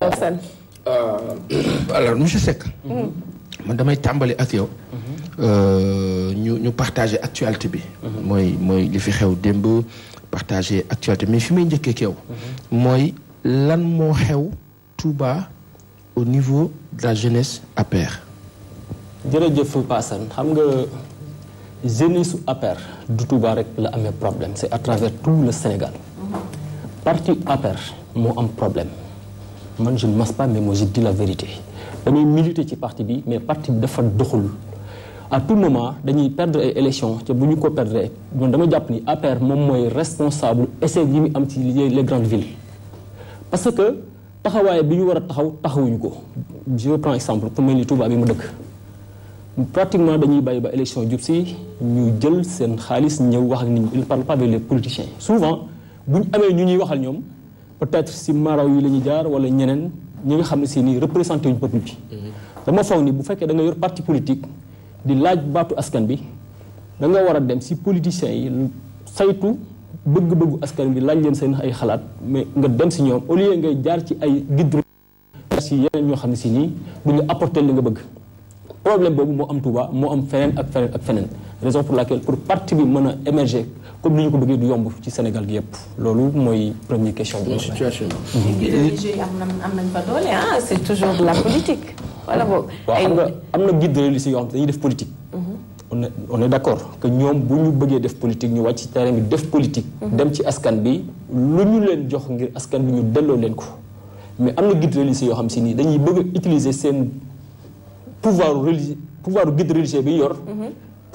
Euh, alors nous, Seck. man damay tàmbali ak yow. Euh, ñu ñu partager actualité bi. mooy mooy li fi xew démb partager actualité mais fi may njëkkee ak yow. mooy lan moo xew Touba au niveau de la jeunesse Je jërëjëf sais xam nga jeunesse à APR du Touba rek la un problème c'est à travers tout le Sénégal. parti APR c'est un problème man je ne masse pas mais moi je dis la vérité damay militer ci parti mais mais parti bi dafa doxul à tout moment dañuy perdre les élection te bu ñu ko perdre donc dama jàpp ni APR moi mooy responsable essayer yi mu am les grandes villes parce que taxawaay bi ñu war a taxaw taxawuñu ko je prends exemple comme mel ni Touba bi mu dëkk pratiquement dañuy bàyyi ba élection jub si ñu jël seen xaalis ñëw wax ak ne parlons pas avec les politiciens souvent nous ñu amee ñu ñuy waxal peut-être si maraw yi la ñuy jaar wala ñeneen ñi nga xam ne si ni représenté wuñu peuple bi dama foog ni bu fekkee da nga yor parti politique di laaj baatu askan bi da nga war a dem si politiciens yi saytu bëgg-bëggu askan bi laaj leen seen ay xalaat mais nga dem si ñoom au lieu ngay jaar ci ay guide si yeneen ñoo xam ne si nii du ñu apporter li nga bëgg problème boobu moo am Touba moo am feneen ak feneen ak feneen raison pour laquelle pour parti bi mën émerger comme ni ko bëggee du yomb ci Sénégal gi yépp lolu moy première question de situation bi. Hein. Mhm. am nañ am nañ doole ah c'est toujours de la politique. wala boog ay xam nga am guide religieux yoo xam dañuy def politique. Mhm. on est d'accord que ñom bu ñu bëggee def politique ñu wacc ci terrain bi def politique. Mhm. dem ci askan bi luñu leen jox ngir askan bi ñu dello leen ko mais amna na guide religieux yo xam si nii dañuy bëgg utiliser sen pouvoir religieux pouvoir guide religieux bi yor.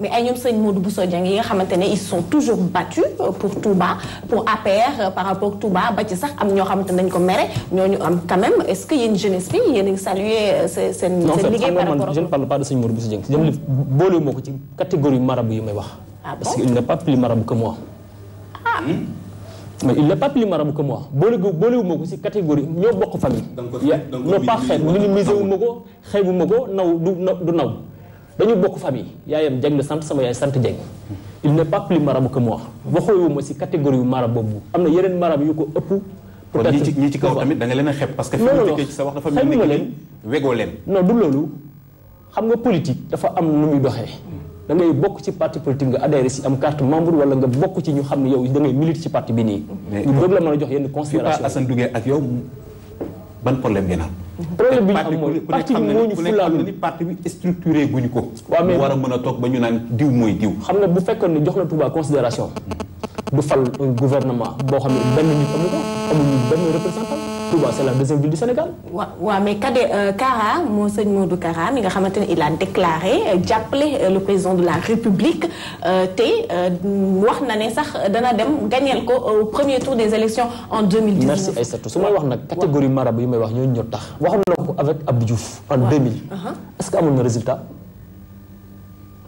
mais ay ñoom sëñ Modou Bousso Dieng yi nga ils sont toujours battus euh, pour Touba pour APR euh, par rapport Touba ba ci sax am ñoo xamante ne dañ ko mere ñooñu am quand même est-ce que une jeunesse bi y a une saluer c'est euh, seen liggéey par rapport je ne parle pas de sëñ Modou Bousso Dieng dem li boole moo ko ci catégorie marabout yu may wax ah parce qu'il n'est pas plus marabout que moi ah hmm? mais il n'est pas plus marabout que moi boole boolewu ma catégorie ñoo bokk famille non pas xeeb minimiser wu ma ko xeebu ma du naw dañu bokk famille yaayam Dieng la sant sama yaay sant Dieng il n'est pas plus marabu que moi waxoowu ma si catégorie yu marab boobu am na yeneen marab yu ko ëpp. peut être kon ci kaw tamit da nga leen a xeeb parce que. fi ci sa wax dafa leen wegoo leen. non du loolu xam nga politique dafa am nu muy doxee. da ngay bokk ci parti politique nga adhéré si am carte membre wala nga bokk ci ñu xam ne yow da ngay milite ci parti bi nii. ñu bëgg la a jox yenn considération. fii Assane duggee ak yow ban problème ngeen problème bi ñu am mooy parti bi moo ñu fulaalu ni parti bi structuré guñu ko. waaw mais war a mën a toog ba ñu naan diw mooy diw. xam nga bu fekkoon ne jox la Touba considération du fal gouvernement boo xam ne benn nit amu ko amuñu benn représentant. c'est la deuxième ville du Sénégal. Oui, mais euh, Kara Monseigneur de Kara il a déclaré d'appeler euh, euh, le président de la République t, wax na sax au premier tour des élections en 2012. merci c'est Tout may wax nag catégorie marabout, yi may wax autre. ñoo tax. avec Abdiouf en 2000. Uh-huh. est-ce qu'il y a un résultat.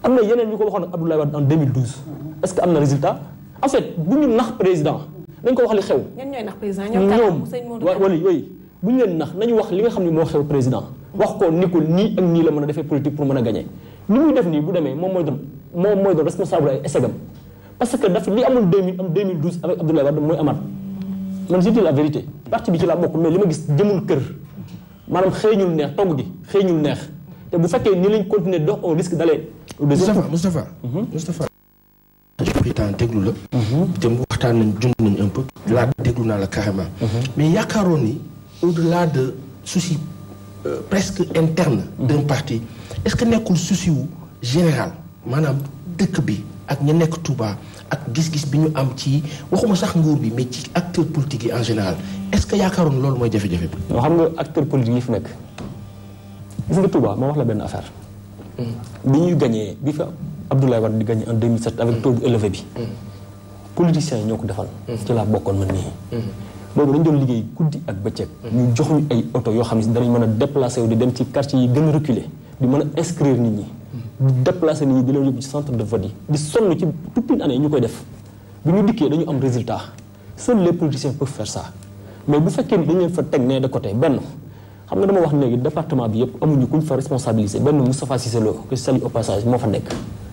Il y a un ko Abdoulaye en 2012. est-ce qu'il y a un résultat en fait si ñu nax président. nañ ko wax li xew. ñun nax président ñoom ñoom yooyu bu ñu leen nax nañu wax li nga xam ne moo xew président. wax ko ni ko nii ak nii la mën a defee politique pour mën a gagné. ni muy def nii bu demee moom mooy doon moom mooy doon responsable ay échec parce que daf li amul 2000 am 2012 avec Abdoulaye Wade mooy amaat man je dis la vérité. parti bi ci laa bokk mais li ma gis jëmul kër maanaam xëeñul neex togg gi xëy xëeñul neex te bu fekkee ni lañ continuer dox on risque d'aller. Moustapha Moustapha mhm. Moustapha. temps déglu la. dem waxtaan nañ jund nañ un peu. laata déglu naa la carrément. mais yaakaaroon ni au-delà de souci euh, presque interne. de parti est-ce que nekkul souci wu général maanaam dëkk bi ak ña nekk Touba ak gis-gis bi ñu am ci waxuma sax nguur bi mais ci acteur politique yi en général est-ce que yaakaaroon loolu mooy jafe-jafe bi. yoo xam nga acteur politique yi fi nekk gis nga Touba ma wax la benn affaire. Hmm. bi ñuy gagné bi fa. Abdoulaye Wade di gagné en 2007 avec taux bu élevé bi. Mm. politiciens yi ñoo ko defal. Mm. ci laa bokkoon man nii. boobu mm. dañu doon liggéey guddi ak bëccëg. ñu jox ñu ay oto yoo xam ne mën a déplacé wu di dem ci quartier yi gën a reculé di mën a inscrire nit ñi. di déplacé nit ñi di leen yóbbu ci centre de vote yi di sonn ci toute une ñu koy def bi ñu dikkee dañu am résultat seuls les politiciens peuvent faire mais bu fekkee ni dañu leen fa teg nee de côté benn. xam nga Lo que je salue au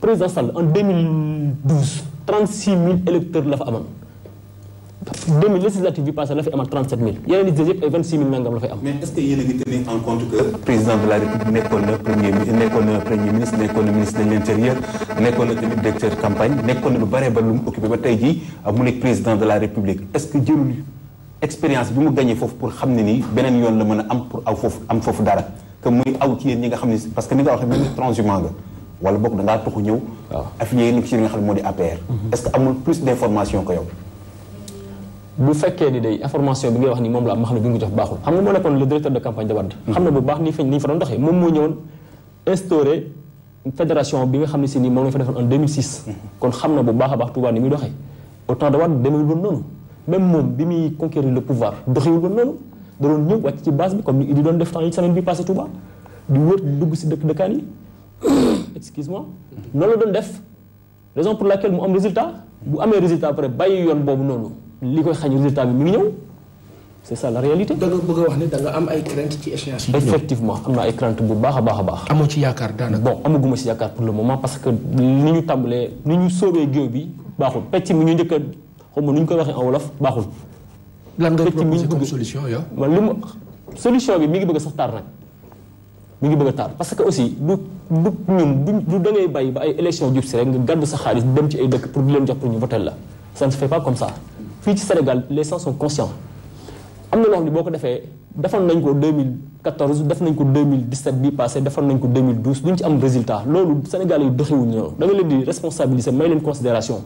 président Sall en 2012 36 000 électeurs l'ont fait. En 2016, législative y passé 37 000 Il y des 26 000 mais est ce que vous a tenu en compte que le président de la république n'est pas premier premier ministre pas le ministre de l'Intérieur, n'est pas le directeur de campagne n'est pas le occupé ba ah, président de la république est ce que vous expérience vous l'expérience gagner pour xam ne nii beneen pour aw parce que vous nga waxee transhumant wala bok da ngaa taxu ñëw. waaw affilié yi ci nga xam modi APR. Mhm. est-ce que amul plus d'information que yow. bu fekkee ni day information bi ngay wax ni moom la am xam bi nga ko jox baaxul xam nga moo nekkoon le directeur de campagne de Wade. Mhm. xam na bu baax ni fa ni fa doon doxee moom moo ñëwoon instauré fédération bi nga xam ne si nii moom la fa defoon en 2006. Mhm. kon xam na bu baax a baax Touba ni muy doxee au temps de Wade demeewul woon noonu même moom bi muy conquérir le pouvoir doxewul woon noonu da doon ñëw wàcc ci base bi comme ni di doon def temps yi semaine bi passé Touba di wër dugg si dëkk dëkkaan yi excuse-moi Non, non, non, def raison pour laquelle mon am résultat bu un résultat après bàyyi yoon boobu non li résultat c'est ça la réalité. Effectivement, nga a wax da effectivement pour le moment parce que nous sommes Nous ñu bi baaxul mi ñu sommes ñu en solution ya. man solution mi ngi bëgg a taal parce que aussi du du ñun du da ngay bay ba ay élection jub si rek nga gàddu sa xaalis dem ci ay dëkk pour di leen jox pour ñu voter la ça ne se fait pas comme ça fii ci Sénégal les gens sont conscients am na loo xam ne boo ko defee defoon nañ ko 2014 def nañ ko 2017 bi passé defoon nañ ko 2012 duñ ci am résultat loolu Sénégal yi doxewuñu noonu da nga leen di responsabiliser may leen considération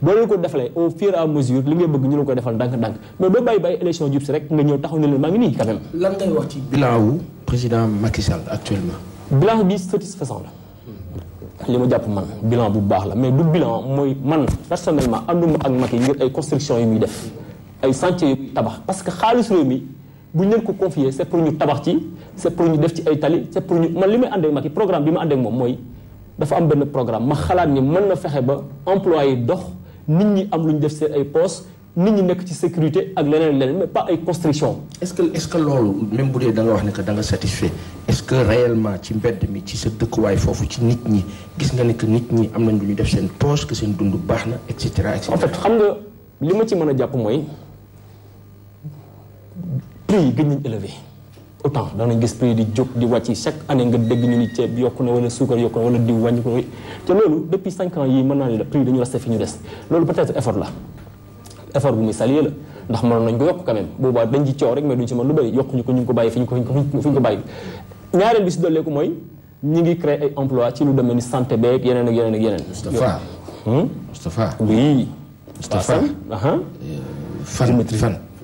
boo leen ko defalee au fur et à mesure li ngay bëgg ñu leen koy defal ndànk-ndànk mais doo bàyyi bàyyi élection jub si rek nga ñëw taxaw ne leen maa ngi nii quand même. lan ngay wax ci bilan wu président Macky Sall actuellement. bilan bi satisfaisant la. li ma jàpp man bilan bu baax la mais du bilan mooy man personnellement ànduma ak Macky ngir ay construction yu muy def ay chantier yu tabax parce que xaalis réew mi bu leen ko confier c' est pour ñu tabax ci c' est pour ñu def ci ay tali c' est pour ñu man li may ànd Macky programme bi ma ànd ak moom mooy dafa am benn programme ma xalaat ni mën na fexe ba employé dox nit ñi am luñ def seen ay poste nit ñi nekk ci sécurité ak leneen leneen mais pas ay constriction est-ce que est-ce que loolu même bu dee da nga wax ne que da nga satisfait est-ce que réellement ci mbedd mi ci sa dëkkuwaay foofu ci nit ñi gis nga ne que nit ñi am nañ lu ñu def seen poste que seen dund baax na et cetera et cetera en fait xam nga li ma ci mën a jàpp mooy prix yi gën nañ élevé autant danañ gis prix di jóg di wàcc chaque année nga dégg ñu ni ceeb yokku na wala suukar yokku na wala diw wàññi ko te loolu depuis cinq ans yi mën naa ne la prix dañu resté fi ñu des peut-être effort la effort bu muy saluer la ndax mënoon nañ ko yokk quand même boobaa dañ di coow rek mais duñ ci mën lu bëri yokkuñu ko ñu ko bàyyi fi ñu ko fi ñu ko bàyyi ñaareel bi si dolleeku mooy ñi ngi créer ay emploi ci lu demee ni santé beeg yeneen ak yeneen ak yeneen Moustapha hmm? Moustapha oui Moustapha fan euh, fan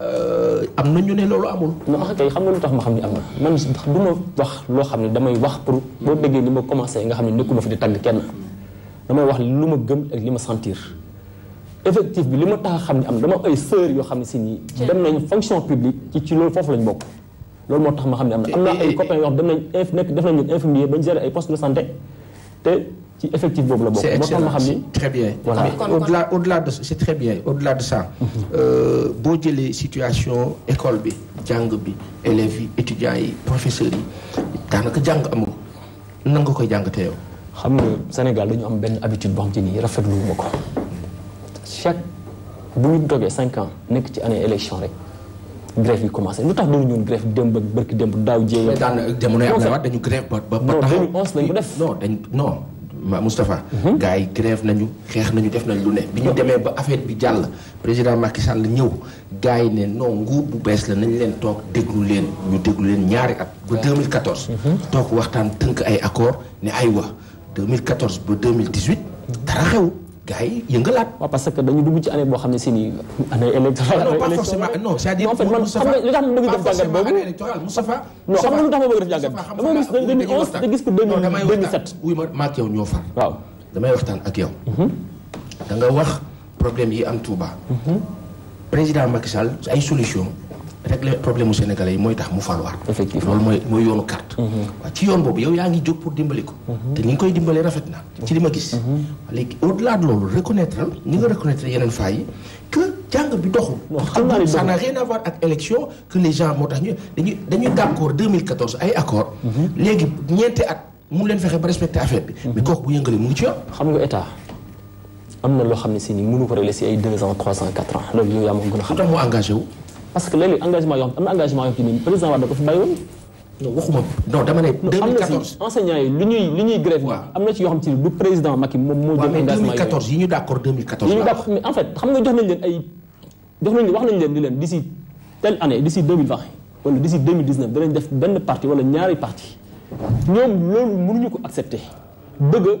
Euh, am na ñu ne loolu amul. non xam nga lu tax ma xam ni am na man du ma wax loo xam ne damay wax pour boo déggee li ma commencé nga xam ne nekkuma fi di tàgg kenn damay wax lu ma gëm ak li ma sentir. effectif bi li ma tax a xam ne am dama ay sœur yoo xam ne si nii. dem nañ fonction publique ci ci loolu foofu lañ bokk. loolu moo tax ma xam ne am na am na ay copains yoo xam dem nañ inf nekk def nañ leen infirmier bañ gérer ay poste de santé te. ci effectif boobu la bokk. ma excellent c'est très bien. voilà mais au-delà au-delà de c'est très bien au-delà de ça. Mhm. Euh, boo jëlee situation école bi jàng bi élèves yi étudiants yi professeurs yi daanaka jàng amul nan nga koy jàngatee yow. xam nga Sénégal dañu am benn habitude boo xam ci ni rafetlu ma ko chaque bu ñu toogee cinq ans nekk ci année élection rek. grève yi commencé lu tax doon ñun grève démb ak barki démb daaw jéey. mais daanaka jamono yi am na waat dañu grève ba ba taxaw non dañu def non dañ non. Moustapha. Mhm. gars yi grève nañu xeex nañu def nañ lu ne. bi ñu demee ba affaire bi jàll président Macky Sall ñëw gars yi ne non nguur bu bees la nañu leen toog déglu leen ñu déglu leen ñaari at. ba 2014. Mhm. toog waxtaan tënk ay accord ne ay wa 2014 ba 2018. dara xew. gars yi yëngalaat. waaw parce que dañu dugg ci année boo xam ne si nii année électorale. non pas forcément non à dire en fait man xam nga tax ma bëgg def jàngat boobu. non xam nga lu tax ma bëgg def jàngat dama gis gis ko ma régler problème mu sénégalais yi mooy tax mu faluwaat effectivement loolu mooy yoonu carte mhm. waaw ci yoon boobu yow yaa ngi jóg pour dimbali ko mhm. te ni nga koy dimbalee rafet na mhm. ci li ma gis léegi au jàng bi doxul ça n'a rien à voir ak élection que les gens moo tax ñu dañuy dañuy d'accord 2014 ay accord léegi ñeenti at mu leen fexe ba respecté affaire bi mais kooku bu yëngalee mu ngi ci yoon xam nga état am na loo xam ne si ni mënu ko régler si ay deux trois ans quatre ans loolu yaa ma wu. parce que léeg-léeg engagement yoo am na engagement yoo xam ne président Wade da ko fi bàyyi non waxuma non dama ne. 2014 enseignants yi lu ñuy lu ñuy grève. waaw am na ci yoo xam ci du président Macky moom moo jël engagement yi ñu d'accord 2014 yi ñu d'accord mais en fait xam nga jox nañ leen ay jox nañ wax nañ leen ni leen d'ici telle année d'ici 2020 wala d'ici 2019 danañ def benn parti wala ñaari parti ñoom loolu mënuñu ko accepter bëgg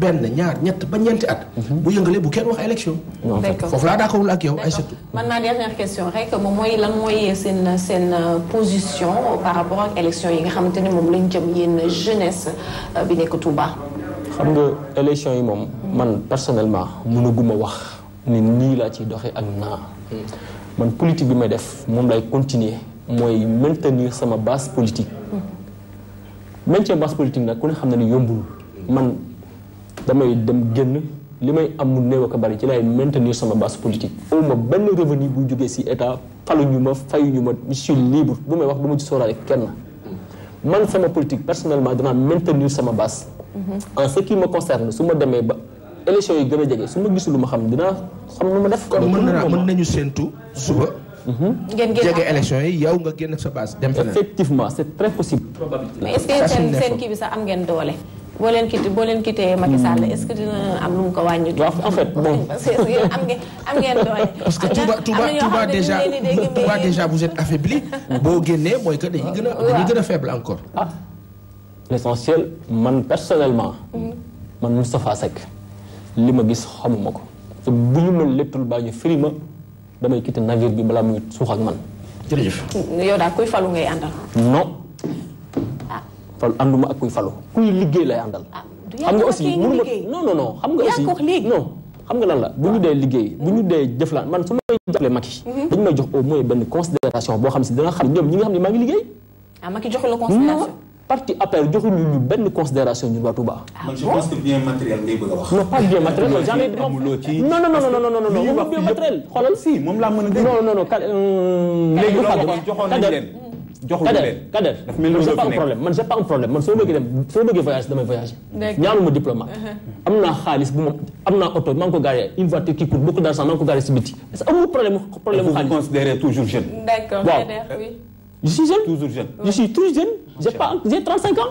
ben ñaar ñett ba ñeenti at. Mhm. bu yëngalee bu kenn wax élection. fofu la laa d'accordul ak yow ay setu. man ma dernière question rek moom moy lan moy seen seen euh, position par rapport ak élection yi nga xamanteni ne moom lañ jëm yeen jeunesse euh, bi nekk Touba. xam nga élection yi mom man personnellement mënaguma wax ni ni la ci doxé ak na man politique bi may def mom lay continuer mooy maintenir sama base politique. Mhm. maintien base politique nag ku ne xam na ni yombul man. damay dem génn li may am mu néew ak a bari ci laay maintenir sama base politique oo ma benn revenu bu jógee si état faluñu ma fayuñu ma je suis libre bu may wax du ma ci sóoraale kenn man sama politique personnellement danaa maintenir sama base mm-hmm. en ce qui me concerne su ma demee ba élection yi gën a jege su ma gisul lu ma xam dinaa xam nu ma def kon mën na mën nañu séentu suba mm-hmm. ngeen génn jege élection yi nga génn sa base dem feneen effectivement c'est très possible probabilité mais seen kii bi sax bolen leen bolen boo leen quitté Macky Sall hmm. est-ce que dina am lu ko wàññi. en fait bon parce que am ngeen am ngeen doole. parce que Touba Touba déjà Touba déjà vous êtes affaibli. boo génnee mooy que dañuy gën a dañuy faible encore. Ah, l'essentiel man personnellement. Hmm. man Moustapha Seck li ma gis xamuma ko. te bu ñu ma lettul baa firi ma damay quitté navire bi bala muy suux ak man. jërëjëf. yow da koy falu ngay andal non. fal ànduma ak kuy falu kuy liggéey lay àndal. Ah, xam nga aussi mënuma non non non xam nga aussi non xam nga lan la bu ñu dee liggéey bu ñu dee jëflaan man su may jàppale Macky mhm. dañu may jox au moins benn considération boo xam si dana xam ñoom ñi nga xam ne maa ngi liggéey ah Macky joxu la considération parti appel joxuñu ñu benn considération ñun waa Touba. Ah man je pense que bien matériel ngay bëgg a wax. non pas bien matériel non jamais. non non non non non non non non bien matériel xoolal si moom laa mën a dégg non non non euh, léegi loolu joxoon nañ leen joxuñu leen Kader Kader c'est pas un problème man c'est pas un problème man soo bëggee dem soo bëggee voyage damay voyage ñaanuma diplôme uh-huh. am naa xaalis bu ma am naa oto maa ngi ko garé une voiture qui coûte beaucoup d'argent maa ngi ko garé si biti parce que amul problème problème xaalis vous considérez toujours jeune d'accord Kader oui je suis jeune toujours jeune je suis toujours jeune j'ai pas j'ai 35 ans